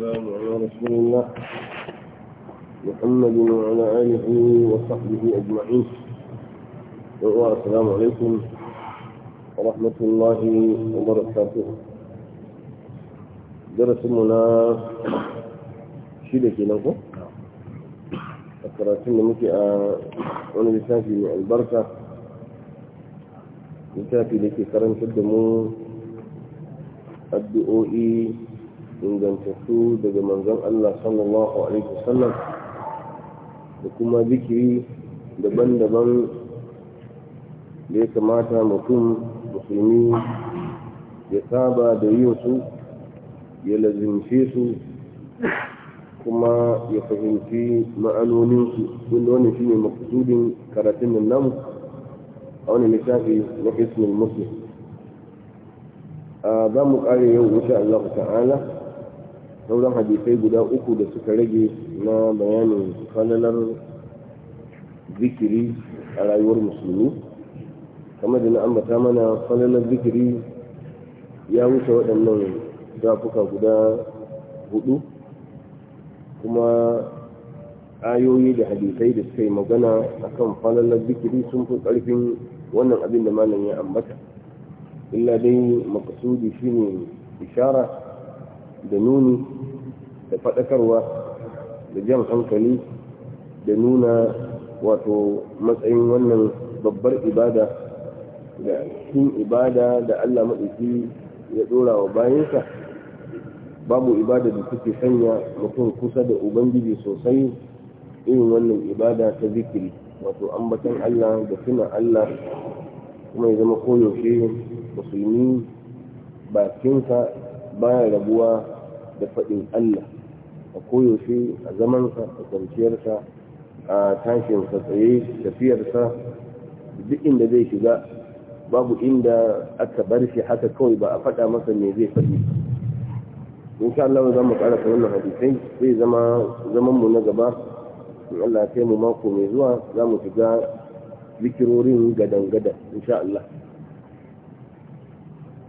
والسلام على رسول الله محمد وعلى آله وصحبه أجمعين والسلام عليكم ورحمة الله وبركاته درس منا شيلة كنكو أكراتين لمكي آه، أنا لسافي البركة بسافي لكي كرم شد مو الدؤوئي ingantattu daga manzon Allah sallallahu alaihi wasallam da kuma zikiri daban-daban da ya kamata mutum musulmi ya saba da yin su ya lazimce su kuma ya fahimci ma'anoninsu wanda wani shi ne makasudin karatun namu a wani littafi na ismin muslim za mu kare yau insha Allah ta'ala sauran hadisai guda uku da suka rage na bayanin falalar zikiri a rayuwar musulmi kamar da na ambata mana falalar zikiri ya wuce waɗannan zafuka guda hudu kuma ayoyi da hadisai da suka yi magana a kan falalar zikiri sun fi ƙarfin wannan abin da malam ya ambata illa dai makasudi shine ishara da nuni da faɗakarwa da jan hankali da nuna wato matsayin wannan babbar ibada da cikin ibada da Allah maɗauki ya ɗora wa bayansa babu ibada da suke sanya mutum kusa da ubangiji sosai irin wannan ibada ta zikiri wato ambatan Allah da suna Allah kuma ya zama koyaushe musulmi bakinsa baya rabuwa da faɗin Allah a koyaushe a zamansa a kwanciyarsa a tashinsa tsaye tafiyarsa duk inda zai shiga babu inda aka bar shi haka kawai ba a faɗa masa me zai faɗi in sha Allah za mu ƙarasa wannan hadisai zai zama zaman mu na gaba in Allah kai mu mako mai zuwa za mu shiga zikirorin gadan gadan in sha Allah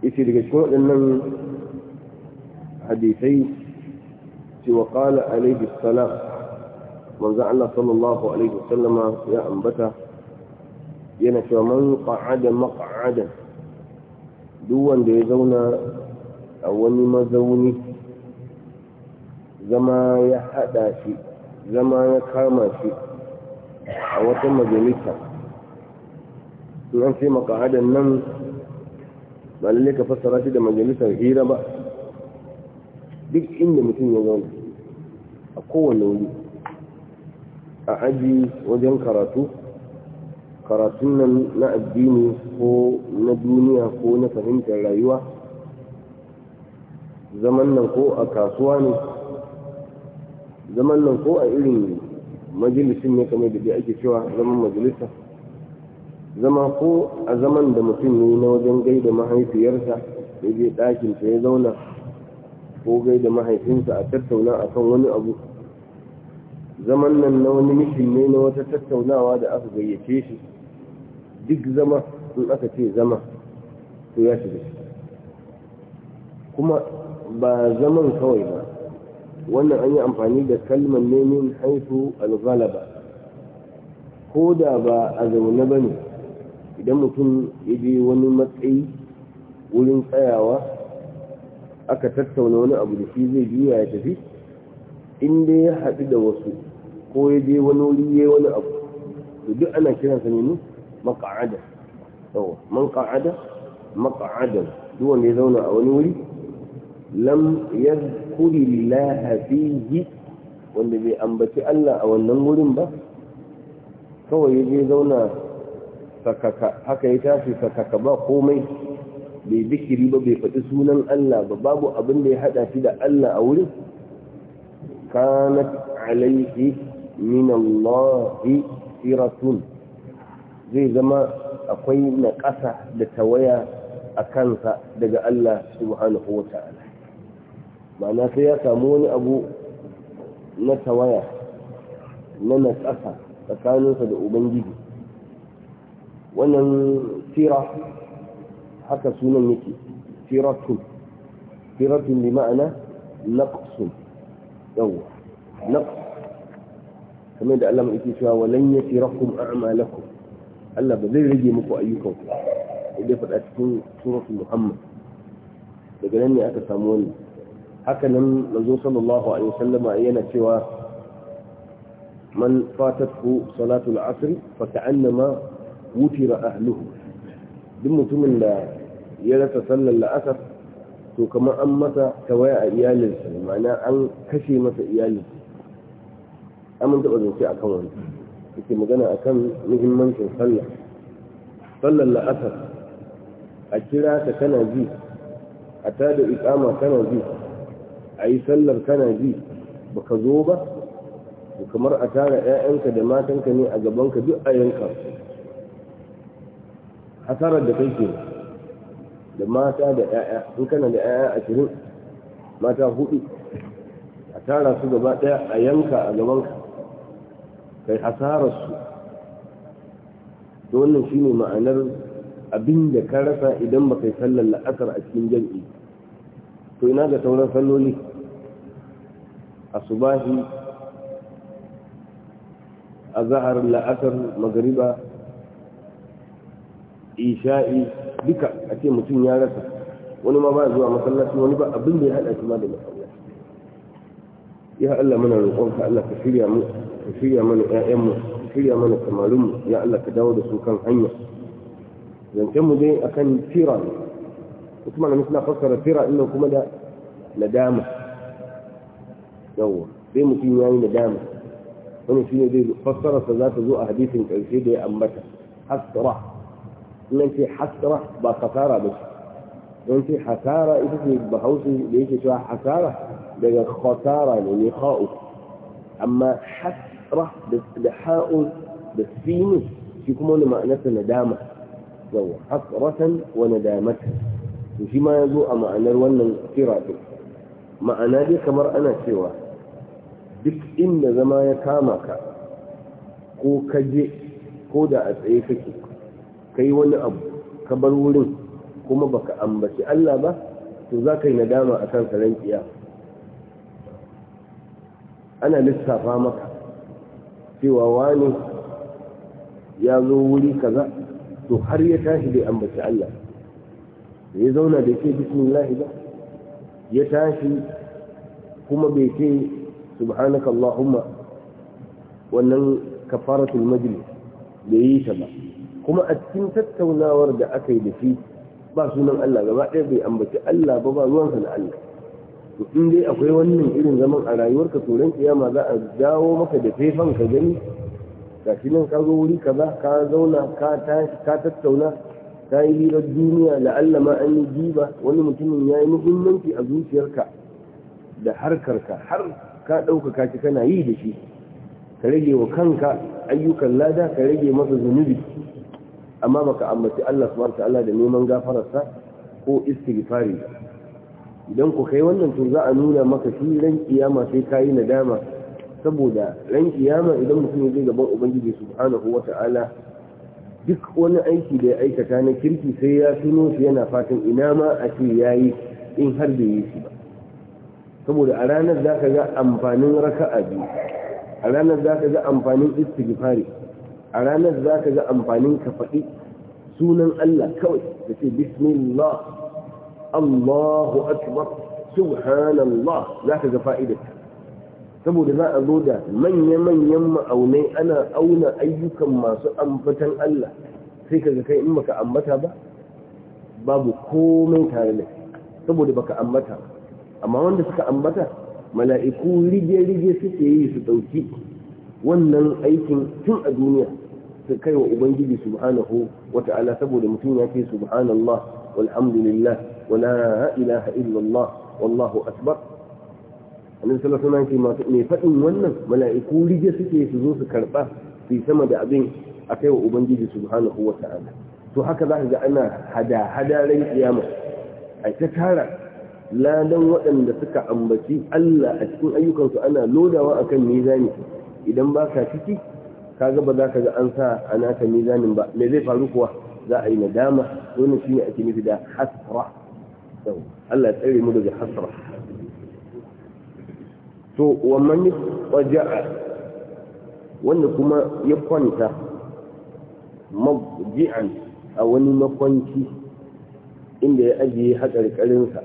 yace daga cikin waɗannan hadisai ce wa qala alaihi salam manzo Allah sallallahu alaihi wasallama ya ambata yana cewa man qa'ada maq'adan duk wanda ya zauna a wani mazauni zama ya haɗa shi zama ya kama shi a wata majalisa in an ce maka'adan nan ba lalle ka fassara shi da majalisar hira ba duk inda mutum ya zauna a kowane wuri a aji wajen karatu karatun nan na addini ko na duniya ko na fahimtar rayuwa zaman nan ko a kasuwa ne zaman nan ko a irin majalisin ne kamar da dai ake cewa zaman majalisa zama ko a zaman da mutum ne na wajen gaida mahaifiyarsa ya je ɗakinta ya zauna ko gaida mahaifinsa a tattauna akan wani abu zaman nan na wani mishin ne na wata tattaunawa da aka gayyace shi duk zama sun aka ce zama to ya shiga shi kuma ba zaman kawai ba wannan an yi amfani da kalmar nemin haifu ba. ko da ba a zaune ba ne idan mutum ya je wani matsayi wurin tsayawa aka tattauna wani abu da shi zai juya ya tafi in dai ya haɗu da wasu ko ya je wani wuri ya wani abu to duk ana kiransa ne ne maka'ada yawa man ka'ada maka'ada duk wanda ya zauna a wani wuri lam yadhkuri lillaha fihi wanda bai ambaci Allah a wannan wurin ba kawai ya je zauna sakaka haka ya tashi sakaka ba komai bai zikiri ba bai faɗi sunan Allah ba babu abin da ya haɗa shi da Allah a wurin kanat alaihi min siratun zai zama akwai na ƙasa da tawaya a kansa daga Allah subhanahu wa ta'ala ma'ana sai ya samu wani abu na tawaya na na ƙasa tsakaninsa da ubangiji wannan sira haka sunan yake firatun firatun bi ma'ana naqsun yawa naqs kamar da Allah yake cewa walan yatirakum a'malakum Allah ba zai rage muku ayyukan ku idan faɗa cikin suratul muhammad daga nan ne aka samu wani haka nan manzo sallallahu alaihi wasallama yana cewa man fatathu salatul asr fa ka'annama wutira ahluhu duk mutumin da ya rasa sallar la'asar to kamar an masa tawaya a iyalinsa ma'ana an kashe masa iyalinsa an mun taɓa zance a kan wani yake magana a kan muhimmancin sallar sallar la'asar a kira ta kana ji a tada ikama kana ji a yi sallar kana ji baka zo ba kamar a tara 'ya'yanka da matanka ne a gabanka duk a yankan hasarar da kai ke da mata da 'ya'ya in kana da 'ya'ya ashirin mata hudu a tara su gaba ɗaya a yanka a ka kai hasarar su wannan shine ma'anar abin da ka rasa idan ba kai sallar la'asar a cikin jami'i to ina ga sauran salloli asubahi azhar la'asar magariba isha'i duka a ce mutum ya rasa wani ma ba zuwa masallaci wani ba abin da ya haɗa shi ma da masallaci ya Allah mana roƙonka Allah ka shirya mu ka shirya mana ƴaƴanmu ka shirya mana samarinmu ya Allah ka dawo da su kan hanya zancen mu dai akan tira ne wasu malamai suna fassara tira ɗin kuma da nadama yawwa sai mutum ya yi nadama wani shine zai fassararsa za ta zo a hadisin ƙarshe da ya ambata hasra ننتي حسرة بخسارة بس ننتي حسارة إذا في بحوسي ليس شو حسارة لأن خسارة يعني خاوس أما حسرة بس بحاوس بس فيني يكمل معنى ندامة لو حسرة وندامة وشي ما يدو أما أنا الوان الاقتراب معنى دي كمر أنا سوا بك إن زمان كامك كو كجي كو دا أسعيفك kai wani abu ka bar wurin kuma baka ambaci Allah ba to za ka yi nadama a kan karen kiya ana lissafa maka cewa wani ya zo wuri kaza to har ya tashi bai ambaci Allah ya zauna bai ce bismillah ba ya tashi kuma bai ce subhanaka allahumma wannan kafaratul majlis da yi ta ba kuma a cikin tattaunawar da aka yi da shi ba sunan Allah gaba ɗaya bai ambaci Allah ba ba ruwansa na Allah to in dai akwai wannan irin zaman a rayuwarka to ran kiyama za a dawo maka da fefan ka gani ga shi nan ka zo wuri kaza ka zauna ka tashi ka tattauna ka yi hirar duniya Allah ma an yi jiba wani mutumin ya yi muhimmanci a zuciyarka da harkarka har ka ɗaukaka shi kana yi da shi ka rage wa kanka ayyukan lada ka rage masa zunubi amma baka ambaci Allah subhanahu ta'ala da neman gafararsa ko istighfari idan ku kai wannan to za a nuna maka shi ran kiyama sai kayi nadama saboda ran kiyama idan mutum yaje gaban ubangiji subhanahu ta'ala duk wani aiki da ya aikata na kirki sai ya tuno shi yana fatan ina ma a ce yayi in har da yi shi ba saboda a ranar za ga amfanin raka'a biyu a ranar za ga amfanin istighfari a ranar za ka ga amfanin ka faɗi sunan Allah kawai da ce bismillah Allahu akbar subhanallah za ka ga fa'idarta saboda za a zo da manya-manyan ma'aunai ana auna ayyukan masu ambatan Allah sai ka ga kai in baka ambata ba babu komai tare da saboda baka ambata amma wanda suka ambata mala'iku rige-rige suke yi su ɗauki wannan aikin tun a duniya su kai wa ubangiji subhanahu wata'ala saboda mutum ya ce subhanallah walhamdulillah wa la ilaha illallah wallahu akbar annabi sallallahu alaihi wasallam ce fadin wannan mala'iku rige suke su zo su karba su sama da abin a kai wa ubangiji subhanahu wata'ala to haka za ka ga ana hada hada ran kiyama a ta tara ladan waɗanda suka ambaci Allah a cikin ayyukansu ana lodawa akan mizani idan ba ka ciki kaga ba za ka ga an sa a naka mizanin ba me zai faru kuwa za a yi nadama wannan shi ne ake nufi da hasra yau Allah ya tsare mu daga hasra to wannan wanda kuma ya kwanta mabji'an a wani makwanci inda ya ajiye haƙarƙarinsa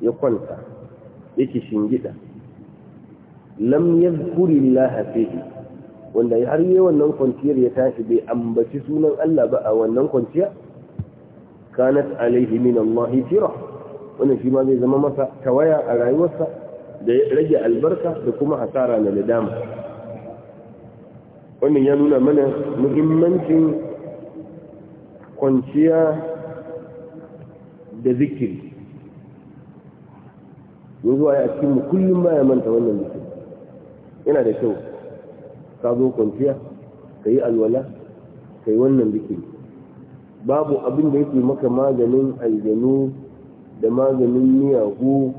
ya kwanta yake shingida lam yadhkuri Allah fihi wanda har yi wannan kwanciyar ya tashi bai ambaci sunan Allah ba a wannan kwanciya kanat alaihi min Allah shi ma zai zama masa tawaya a rayuwarsa da rage albarka da kuma hasara na nadama wannan ya nuna mana muhimmancin kwanciya da zikiri yanzu a cikin mu kullum ya manta wannan zikiri yana da kyau ka zo kwanciya ka yi alwala ka yi wannan biki babu abin da yake maka maganin aljanu da maganin miyagu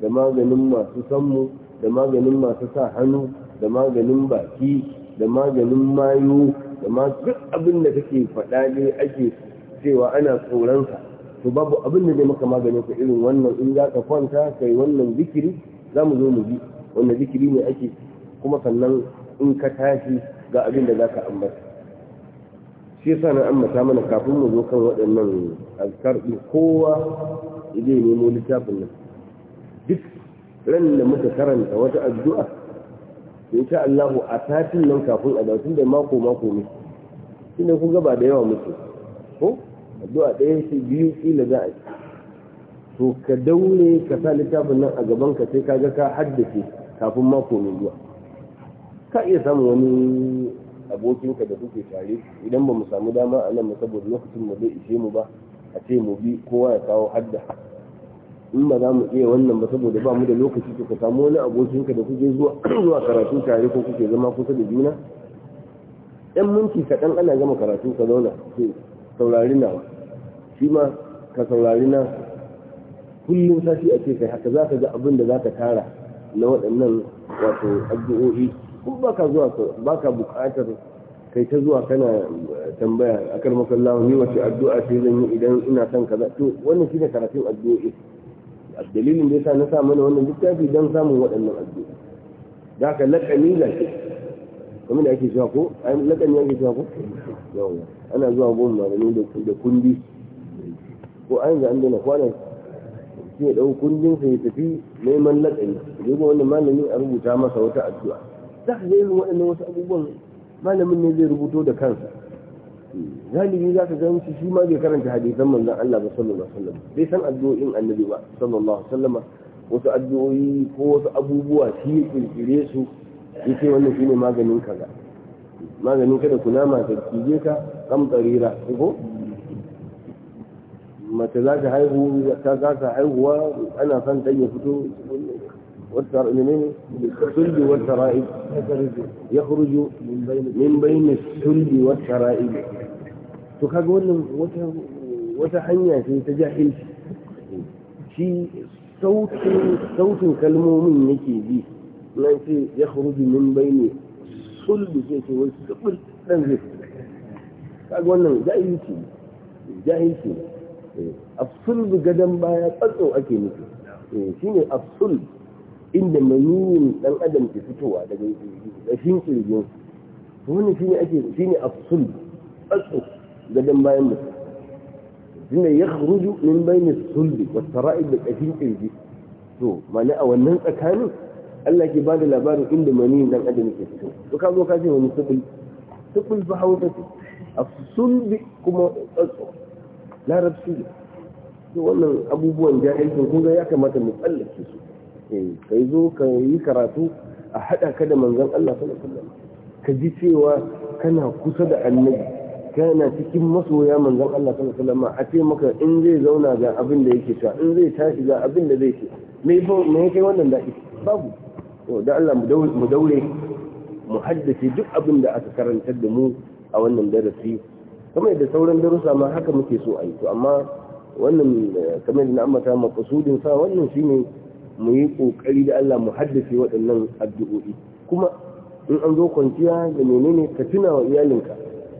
da maganin masu sammu da maganin masu sa hannu da maganin baki da maganin mayu da masu duk abin da kake faɗa ne ake cewa ana tsoronsa to babu abin da zai maka maganin ka irin wannan in za ka kwanta ka yi wannan zikiri za mu zo mu bi wannan zikiri ne ake kuma sannan in ka tashi ga abin da za ka ambata shi yasa na ambata mana kafin mu zo kan waɗannan azkar ɗin kowa ne nemo littafin nan duk ran da muka karanta wata addu'a sha Allah a satin nan kafin a dautun da mako mako ne shi ne kun gaba da yawa muke ko addu'a ɗaya ce biyu kila za a to ka daure ka sa littafin nan a gaban ka sai ka ga ka haddace kafin mako mai zuwa ka iya samun wani abokinka da kuke tare idan ba mu samu dama a nan saboda lokacin mu zai ishe mu ba a ce mu bi kowa ya kawo hadda in ba za mu iya wannan ba saboda ba mu da lokaci to ka samu wani abokinka da kuke zuwa zuwa karatu tare ko kuke zama kusa da juna yan minti kaɗan ana gama karatu ka zauna ke saurari nawa shi ma ka saurari na kullum sashi a ce kai haka za ka ga abin da za ka tara na waɗannan wato addu'o'i duk baka zuwa ka bukatar kai ta zuwa kana tambaya a kan makallahu ni wace addu'a ce zan yi idan ina son kaza to wannan shine karatun addu'o'i dalilin da yasa na sa mana wannan littafi don samun waɗannan addu'o'i da ka laƙani ke kuma da ake shafo a yi laƙani ake shafo ana zuwa gun malami da kundi ko a yanzu an dana kwanan shi ya ɗau kundin sai ya tafi neman laƙani zai ga wannan malami a rubuta masa wata addu'a zaka ka ga irin waɗannan wasu abubuwan malamin ne zai rubuto da kansa galibi za ka ga shi shi ma bai karanta hadisan manzon Allah ba sallallahu alaihi wasallam bai san addu'o'in annabi ba sallallahu alaihi wasallam wasu addu'o'i ko wasu abubuwa shi ya kirkire su yace wannan shine maganin kaza maganin kada kunama ta kije ka kam tsarira ko mace za ta haihu ta kasa haihuwa ana san dan ya fito والتر... من السلب والترائب يخرج من بين السلب والترائب تخاقون وتحنيا في تجاهل في صوت صوت كالمؤمن نكي بي لأنك يخرج من بين السلب والسقل تنزل تخاقون جاهل شيء جاهل شيء إيه. الصلب قدم بايا تطو أكي نكي إيه. شيني الصلب inda maniyin dan adam ke fitowa daga ƙashin kirgin wani shi shine ake shine afsul tsatsu gadan bayan mutum inda ya khruju min bayni sulbi wa tara'ib da ƙashin kirji to mana a wannan tsakanin Allah ke ba da labarin inda maniyin dan adam ke fito to ka zo ka ce wani subul subul ba hausa ce afsulbi kuma tsatsu larabci to wannan abubuwan jahilcin kun ga ya kamata mu tsallake su Eh, kai zo ka yi karatu a haɗa ka da manzon Allah sallallahu alaihi wasallam ka ji cewa kana kusa da annabi kana cikin masoya manzon Allah sallallahu alaihi wasallam a ce maka in zai zauna ga abin da yake sha in zai tashi ga abin da zai ce me me kai wannan daɗi babu to da Allah mu daure mu haddace duk abin da aka karantar da mu a wannan darasi kamar da sauran darussa ma haka muke so a yi to amma wannan eh, kamar da na ambata makasudin sa wannan shine mu yi kokari da Allah mu haddace waɗannan addu'o'i kuma in an zo kwanciya da menene ka tuna wa iyalinka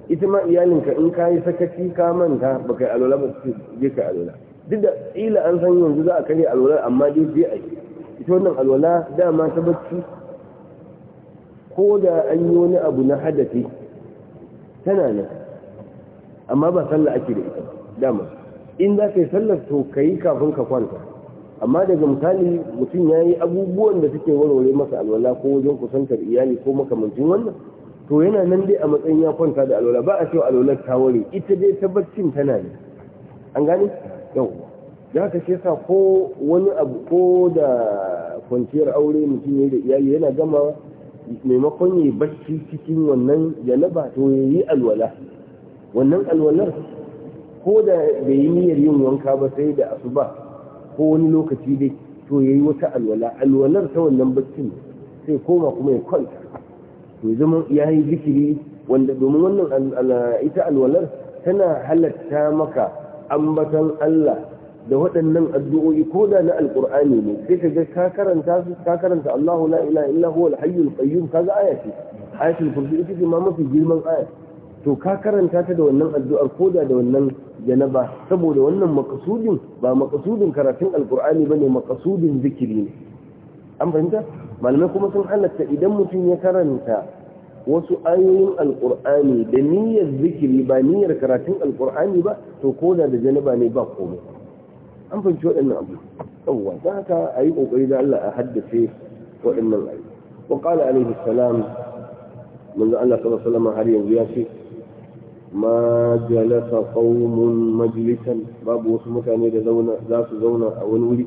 ita ma iyalinka in ka yi sakaci ka manta ba kai alola ba su je kai alola duk da ila an san yanzu za a karya alola amma dai je a yi ita wannan alwala dama ta bacci ko da an yi wani abu na haddace tana nan amma ba sallah ake da ita dama in za ka yi sallar to ka yi kafin ka kwanta amma daga misali mutum ya yi abubuwan da suke warware masa alwala ko wajen kusantar iyali ko makamancin wannan to yana nan dai a matsayin ya kwanta da alwala ba a cewa alwalar ta ware ita dai ta baccin tana ne an gane yau da haka shi yasa ko wani abu ko da kwanciyar aure mutum ya da iyali yana gama maimakon ya barci cikin wannan jalaba to ya yi alwala wannan alwalar ko da bai yi niyyar yin wanka ba sai da asuba ko wani lokaci dai to yayi wata alwala alwalar ta wannan baccin sai koma kuma ya kwanta to zama ya yi zikiri wanda domin wannan ita alwalar tana halatta maka ambatan Allah da waɗannan addu'o'i ko da na alƙur'ani ne sai ka ga ka karanta Allahu la ilaha illa huwa al-hayyul kaga aya ita ce ma mafi girman aya to ka karanta ta da wannan addu'ar koda da wannan janaba saboda wannan makasudin ba makasudin karatun alkur'ani ba ne makasudin zikiri ne an fahimta malamai kuma sun halatta idan mutum ya karanta wasu ayoyin alkur'ani da niyyar zikiri ba niyyar karatun alkur'ani ba to koda da janaba ne ba komai an fahimci waɗannan abu yawwa za haka a yi ƙoƙari da Allah a haddace waɗannan abu wa ƙala alaihi salam manzo Allah sallallahu alaihi wasallam har yanzu ya ce ma jalasa qaumun babu wasu mutane da zauna za su zauna a wani wuri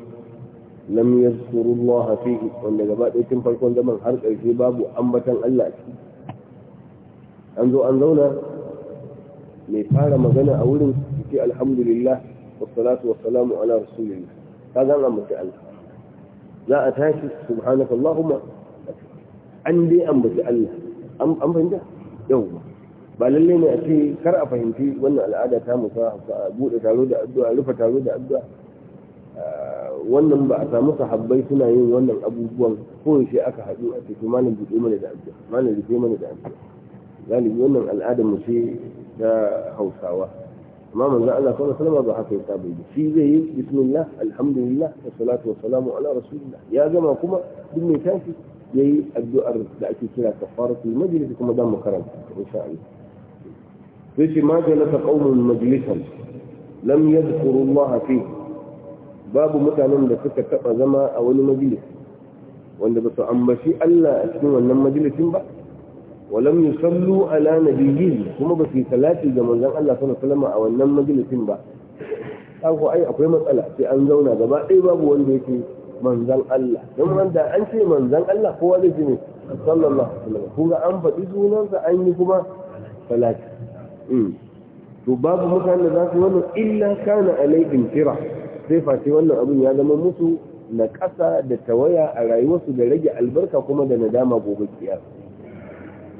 lam yazkuru Allah wanda gaba ɗaya tun farkon zaman har ƙarshe babu ambatan Allah a ciki an zo an zauna mai fara magana a wurin ce alhamdulillah wassalatu wassalamu ala rasulillah ka ga an Allah za a tashi an dai ambaci Allah an fahimta ba lalle ne a ce kar a fahimci wannan al'ada ta musa a buɗe taro da addu'a rufe taro da addu'a ah, wannan ba a samu sahabbai suna yin wannan abubuwan koyaushe aka haɗu a cikin malam buɗe mana da addu'a malam rufe mana da addu'a galibi wannan al'adar mu ce ta hausawa amma manzo Allah sallallahu alaihi wasallam ba haka ya saba yi shi zai yi bismillah alhamdulillah wa salatu wa salamu ala rasulillah ya gama kuma duk mai tashi yayi addu'ar da ake kira kafaratul majlis kuma dan mu karanta insha Allah sai ce ma jalasa qaumun majlisan lam yadhkuru Allah babu mutanen da suka taba zama a wani majalis wanda ba su Allah a cikin wannan majalisin ba ولم يصلوا على نبيين kuma ba su salati ga manzon Allah sallallahu alaihi a wannan majalisin ba ko ai akwai matsala sai an zauna gaba ɗaya babu wanda yake manzon Allah don wanda an ce manzon Allah kowa zai ji ne sallallahu alaihi wasallam kuma an sunansa an yi kuma salati Mm. to babu mutane da za su wannan illa kana alaikin kira, sai face wannan abin ya zama musu na ƙasa da tawaya a rayuwarsu da rage albarka kuma da nadama gobe kiya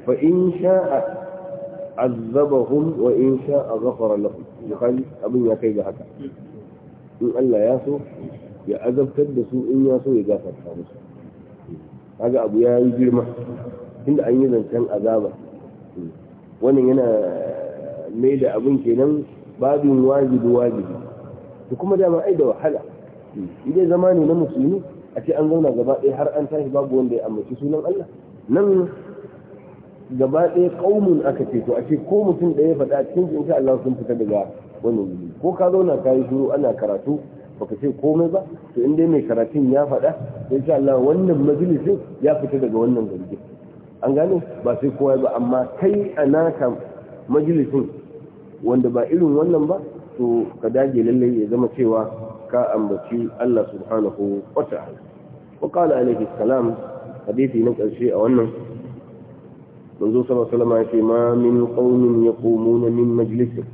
fa in sha sha'a hun, wa in sha sha'a ghafara lahum bukari abin ya kai ga haka in Allah ya so ya azabtar da su in ya so ya gafarta musu kaga abu ya yi girma inda an yi zancen azaba mm. wannan yana mai da abin kenan babin wajibi wajibi To kuma dama ai da wahala idan zama ne na musulmi a ce an zauna gaba ɗaya har an tashi babu wanda ya ambaci sunan Allah nan gaba ɗaya kaumun aka ce to a ce ko mutum ɗaya faɗa cikin su insha Allah sun fita daga wannan wuri ko ka zauna ka yi shiru ana karatu baka ce komai ba to in dai mai karatun ya faɗa insha Allah wannan majalisin ya fita daga wannan zargin an gane ba sai kowa ba amma kai a naka majalisin wanda ba irin wannan ba to ka dage lallai ya zama cewa ka ambaci Allah subhanahu wa ta'ala wa qala alayhi salam hadisi na karshe a wannan manzo sallallahu alaihi wasallam ya ce ma min qaumin yaqumuna min majlisin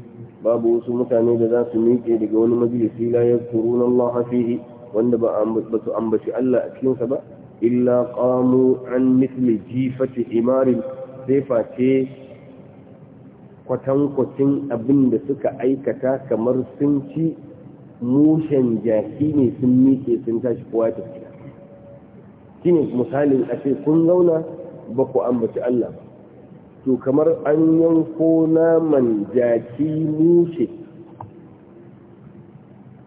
babu wasu mutane da za su miƙe daga wani majalisi la yadhkuruna Allah fihi wanda ba su ambaci Allah a cikinsa ba illa qamu an mithli jifati imarin sai face kwatankwacin abin da suka aikata kamar sun ci mushen jaki ne sun miƙe sun tashi kowa ta gida shi ne misalin a ce kun zauna ba ku ambaci Allah ba to kamar an yanko naman jaki mushe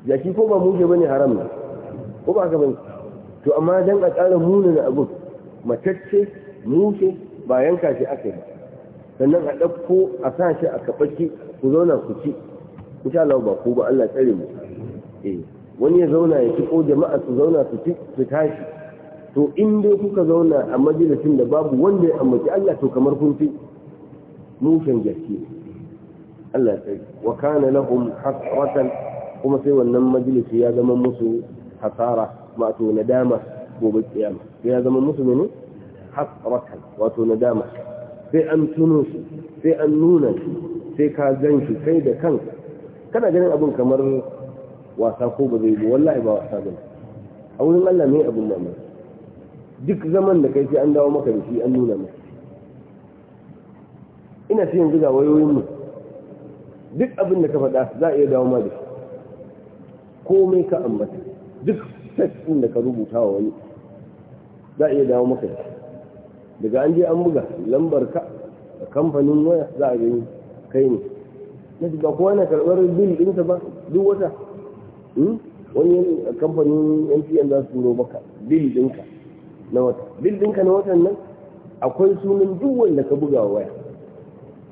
jaki ko ba mushe ba ne haram ne ko ba gaban to amma don a ƙara munin abin matacce mushe ba yanka shi aka yi sannan a ɗauko a sa shi a kaɓaki ku zauna ku ci insha Allah ba ku ba Allah tsare mu eh wani ya zauna ya ci ko jama'a su zauna su ci su tashi to in dai kuka zauna a majalisin da babu wanda ya ambaci Allah to kamar kun ci mushen gaske Allah tsare wa kana lahum hasratan kuma sai wannan majalisi ya zama musu hasara to nadama gobe kiyama ya zama musu ne hasratan wato nadama sai an tuno shi sai an nuna shi sai ka gan shi kai da kanka kana ganin abin kamar wasa ko ba zai yi wallahi ba wasa ba a wurin Allah ne abin nan duk zaman da kai sai an dawo maka da shi an nuna maka ina ce yanzu ga wayoyin mu duk abin da ka faɗa za a iya dawo ma da shi komai ka ambata duk sassin da ka rubuta wa wani za a iya dawo maka da shi daga an je an buga lambar ka a kamfanin waya za a gani kai ne na ba kowane karɓar bil ɗinsa ba duk wata hmm? wani kamfanin mtn za su turo maka bil ɗinka na wata bil ɗinka na watan nan akwai sunan duk wanda ka buga waya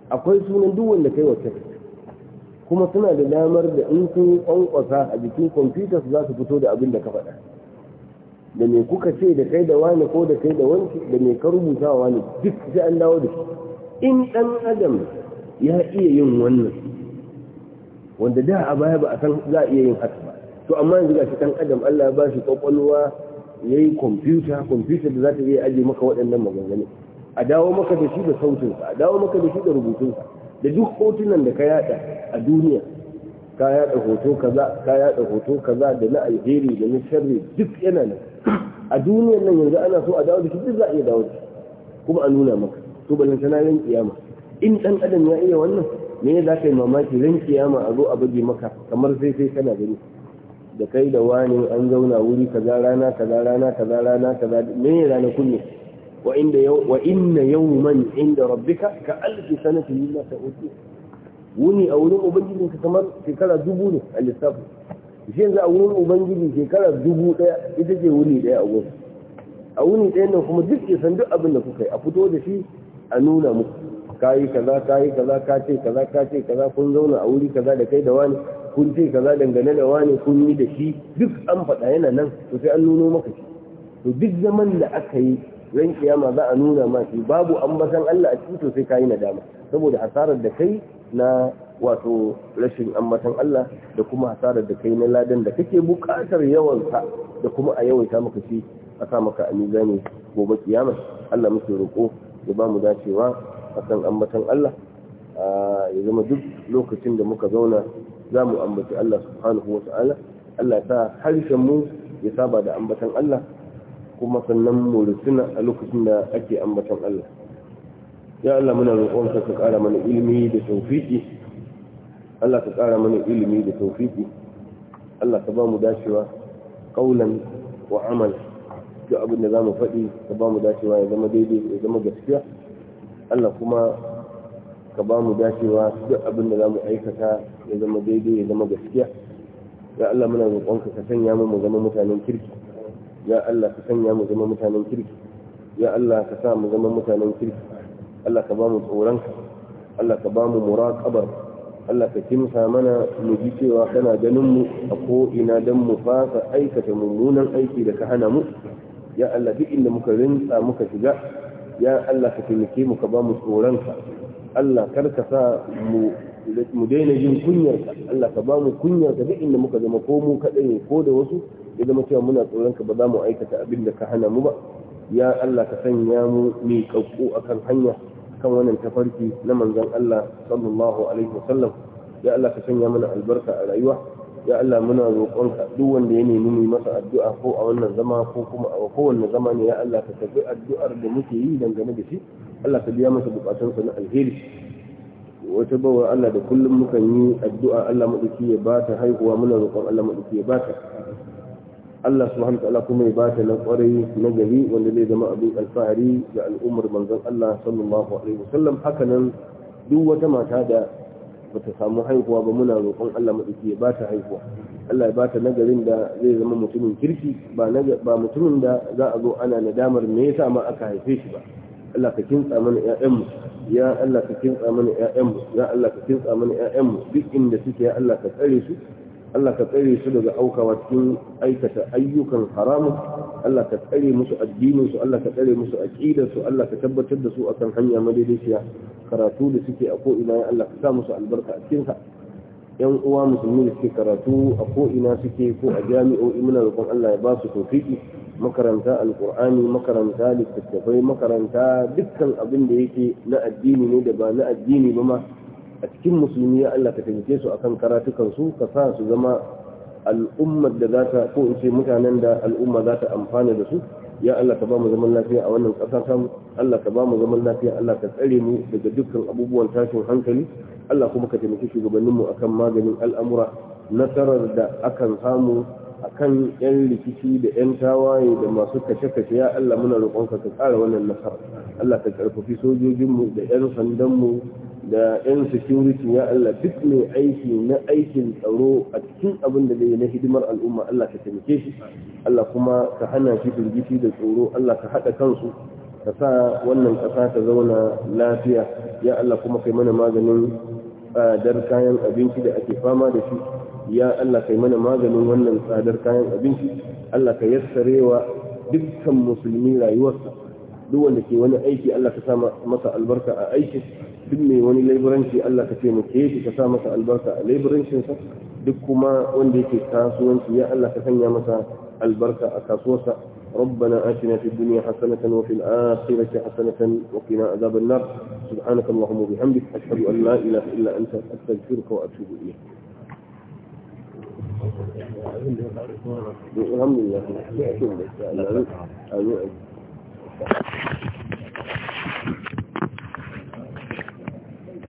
akwai sunan duk wanda kai wata kuma suna da damar da in sun kwankwasa a jikin kwamfutar za su fito da abin da ka faɗa da me kuka ce da kai da wani ko da kai da wanki da me ka rubuta wa wani duk sai an dawo da shi in dan adam ya iya yin wannan wanda da a baya ba a san za a iya yin haka ba to amma yanzu ga shi ɗan adam Allah ya ba shi kwakwalwa ya yi kwamfuta kwamfuta da za ta iya aje maka waɗannan maganganu a dawo maka da shi da sautinsa a dawo maka da shi da rubutunsa da duk hotunan da ka yada a duniya ka yada hoto kaza ka yada hoto kaza da na alheri da na sharri duk yana nan a duniyar nan yanzu ana so a dawo da shi duk za a iya dawo da shi kuma a nuna maka to ballan na ran kiyama in dan adam ya iya wannan me za ka yi mamaki ran kiyama a zo a bugi maka kamar sai sai kana gani da kai da wani an zauna wuri kaza rana kaza rana kaza rana kaza me rana kunne wa inda yau wa inna yawman inda rabbika ka alfi sanati mimma ta'udu wuni a wurin ubangijinka kamar shekara dubu ne a lissafi yanzu a wurin ubangiji shekarar dubu daya ita ce wuni daya a wurin a wuni daya nan kuma duk isan duk abin da kuka yi a fito da shi a nuna muku ka yi kaza ka yi kaza ka ce kaza ka ce kaza kun zauna a wuri kaza da kai da wani kun ce kaza dangane da wani kun yi da shi duk an faɗa yana nan to sai an nuno maka shi to duk zaman da aka yi ran kiyama za a nuna ma shi babu basan Allah a cikin to sai yi nadama saboda hasarar da kai na wato rashin ambatan Allah da kuma hasarar da kai na ladan da kake bukatar yawansa da kuma a yawaita maka shi a sa maka a mizani gobe kiyama Allah muke roƙo ya ba mu dacewa akan ambatan Allah ya zama duk lokacin da muka zauna za mu ambaci Allah subhanahu wa ta'ala Allah ta harshen mu ya saba da ambatan Allah kuma sannan mu rusuna a lokacin da ake ambatan Allah ya Allah muna roƙonka ka ƙara mana ilimi da tawfiki Allah ka ƙara mana ilimi da taufiki Allah ka ba mu dacewa ƙaunan wa amal duk abin da za mu faɗi ka ba mu dacewa ya zama daidai ya zama gaskiya Allah kuma ka ba mu dacewa duk abin da za mu aikata ya zama daidai ya zama gaskiya ya Allah muna roƙonka ka sanya mu mu zama mutanen kirki ya Allah ka sanya mu zama mutanen kirki ya Allah ka sa mu zama mutanen kirki Allah ka ba mu tsoronka Allah ka ba mu muraqabar Allah ka kimsa mana mu ji cewa kana ganin mu a ko ina dan mu ka aikata mummunan aiki da ka hana mu ya Allah duk inda muka rinsa muka shiga ya Allah ka taimake mu ka ba mu tsoronka Allah kar ka sa mu mu daina jin kunyarka Allah ka ba mu kunyarka duk inda muka zama ko mu kadai ko da wasu ya zama cewa muna tsoronka ba za mu aikata abin da ka hana mu ba ya Allah ka sanya mu miƙaƙƙu akan hanya kan wannan tafarki na manzon Allah sallallahu alaihi wasallam ya Allah ka sanya mana albarka a rayuwa ya Allah muna roƙonka duk wanda ya nemi mu masa addu'a ko a wannan zama ko kuma a kowanne zama ne ya Allah ka tafi addu'ar da muke yi dangane da shi Allah ka biya masa bukatunsa na alheri wata bawa Allah da kullum mukan yi addu'a Allah madauki ya bata haihuwa muna roƙon Allah madauki ya bata. Allah subhanahu ta'ala kuma ya bata na kwarai na gari wanda zai zama abin alfahari ga al'ummar manzon Allah sallallahu alaihi wasallam haka nan duk wata mata da bata samu haihuwa ba muna roƙon Allah madauki ya bata haihuwa Allah ya bata nagarin da zai zama mutumin kirki ba ba mutumin da za a zo ana nadamar me yasa ma aka haife shi ba Allah ka kintsa mana ƴaƴanmu ya Allah ka kintsa mana ƴaƴanmu ya Allah ka kintsa mana ƴaƴanmu duk inda suke ya Allah ka tsare su Allah ka tsare su daga aukawa cikin aikata ayyukan haramun Allah ka tsare musu addininsu Allah ka tsare musu aqidarsu Allah ka tabbatar da su akan hanya madaidaiciya karatu da suke a ko ina Allah ka sa musu albarka a cikin yan uwa musulmi da suke karatu a ko ina suke ko a jami'o'i muna roƙon Allah ya ba su tofiki makaranta alqur'ani makaranta littattafai makaranta dukkan abin da yake na addini ne da ba na addini ba ma a cikin musulmi ya Allah ka taimake su akan karatukan su ka sa su zama al'ummar da za ta ko in ce mutanen da al'umma za ta amfana da su ya Allah ka ba mu zaman lafiya a wannan ƙasa ta Allah ka ba mu zaman lafiya Allah ka tsare mu daga dukkan abubuwan tashin hankali Allah kuma ka taimaki mu akan maganin al'amura nasarar da akan samu akan yan rikici da yan tawaye da masu kashe-kashe ya Allah muna roƙonka ka ƙara wannan nasara Allah ka ƙarfafi sojojinmu da yan sandanmu da yan security ya Allah duk mai aiki na aikin tsaro a cikin abin da zai na hidimar al'umma Allah ka taimake shi Allah kuma ka hana shi firgici da tsoro Allah ka haɗa kansu ka sa wannan ƙasa ta zauna lafiya ya Allah kuma kai mana maganin tsadar kayan abinci da ake fama da shi ya Allah kai mana maganin wannan tsadar kayan abinci Allah ka yassarewa dukkan musulmi rayuwarsa duk wanda ke wani aiki Allah ka sa masa albarka a aikin duk mai wani laboranci Allah ka ce muke shi ka sa masa albarka a sa duk kuma wanda yake kasuwanci ya Allah ka sanya masa albarka a kasuwarsa ربنا آتنا في الدنيا حسنة وفي الآخرة حسنة وقنا عذاب النار سبحانك اللهم وبحمدك أشهد أن لا إله إلا أنت أستغفرك وأتوب إليك الحمد لله الحمد لله